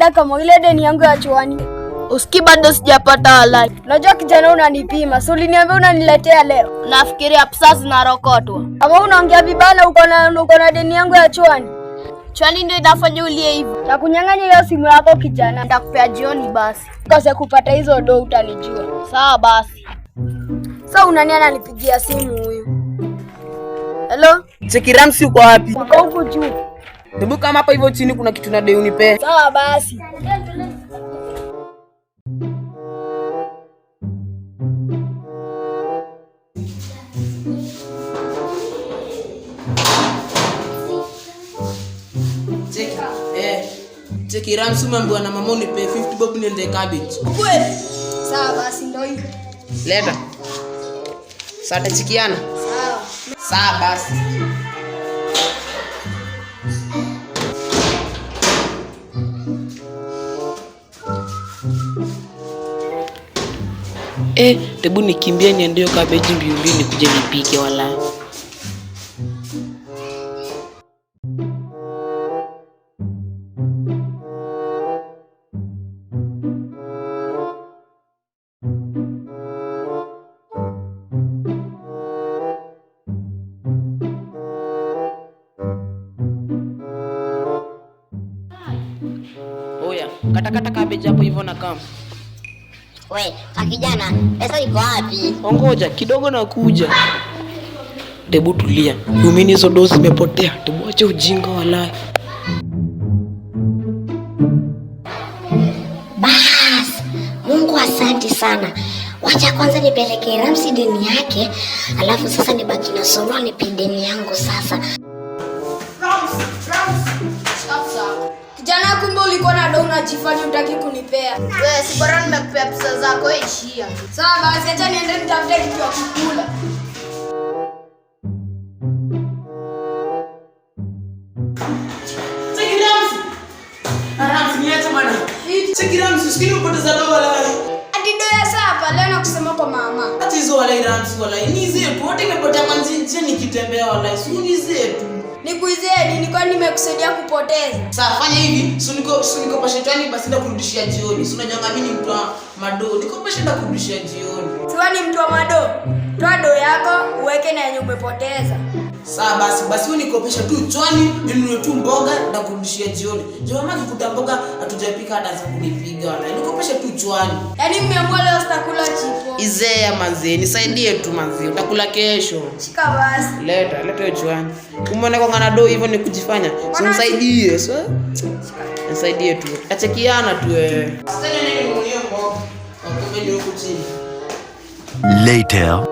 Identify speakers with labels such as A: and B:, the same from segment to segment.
A: dada kama ile deni yangu ya chuani.
B: Usiki bado sijapata halali.
A: Unajua kijana unanipima, so uliniambia unaniletea leo?
B: Nafikiria pesa zinarokotwa.
A: Kama unaongea vibana, uko na uko na deni yangu ya chuani. Chuani ndio inafanya ulie hivi. Na kunyang'anya hiyo simu yako kijana. Nitakupea jioni basi. Kose kupata hizo do utanijua. Sawa basi. Sasa so, unani ananipigia simu huyu? Hello?
B: Chekiramsi uko wapi?
A: Uko huko juu.
B: Hebu kama hapa hivyo chini kuna kitu na deuni pe.
A: Sawa basi.
B: Cheki eh, ransu mambo na mama pe 50 bob niende cabbage.
A: Kweli? Sawa basi ndio hivyo.
B: Leta. Sasa tachikiana.
A: Sawa.
B: Sawa basi. eh, tebu nikimbie niendeo kabeji mbiu mbiu nikuje nipike wala Kata katakata kabeji hapo hivyo na kama
C: We, kijana, pesa iko wapi?
B: Ongoja kidogo na kuja. Debu tulia. Umini hizo dozi zimepotea. Debu acha ujinga walai.
C: Bas, Mungu asante sana. Wacha kwanza nipelekee Ramsi deni yake, alafu sasa nibaki na solo nipe deni yangu sasa.
D: Ramsi, Ramsi. Stop, stop.
A: Kijana na dona unajifanya utaki kunipea.
C: Wewe si bora nimekupea pesa zako ishia.
A: Sawa basi acha niende nitafute kitu ya kukula. Ah, walai. Ati doya leo na kusema kwa mama.
B: Ati walai Ramsi walai. Ni zetu. Wote imepotea manzi nje nikitembea walai. Suni zetu.
A: Nikuizeni, nilikuwa nimekusaidia kupoteza.
B: Sasa fanya hivi, si niko si niko pashetani basi ndio kurudishia jioni. Si unajua mimi ni mtu wa mado. Niko kwa shetani kurudishia jioni.
A: Siwa ni mtu wa mado. Toa do yako uweke na yenye umepoteza.
B: Sasa basi basi wewe nikopesha tu chwani, ninunue tu mboga na kurudishia jioni. Je, mama kikuta mboga hatujapika hata za kunipiga wala. Nikopesha tu chwani.
A: Yaani mmeamua leo sitakula
B: Zea manzi, nisaidie tu manzi, utakula kesho.
A: Shika basi.
B: Leta, leta hiyo chwani. Umeona kwa ngana do hivyo ni kujifanya. So nisaidie, so. Nisaidie tu. Achekiana tu wewe. Sasa nini mwenye mboga? Wakumbe huko chini. Later.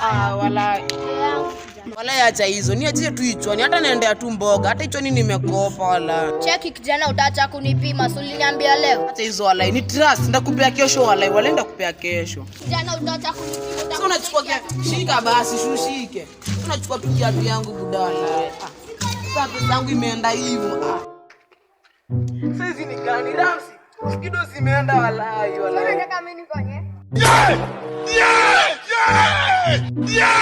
A: Ah, wala. Yangu.
B: Wala acha hizo, niachie tu hicho, ni hata naendea tu mboga, hata hicho nini nimekopa wala.
A: Cheki kijana, utaacha kunipima, si uliniambia leo.
B: hata hizo wala, ni trust, ndakupea kesho wala, wala nitakupea kesho.
A: Kijana, utaacha kunipima.
B: Sasa unachukua shika basi, shushike. Unachukua tu kiatu yangu budala. Eh. Ah. Sasa pesa yangu imeenda hivyo. Ah. Sasa hizi ni gani Ramsi? Kido zimeenda walai walai. nataka mimi nifanye? Yeah! Yeah! Yeah! Yeah!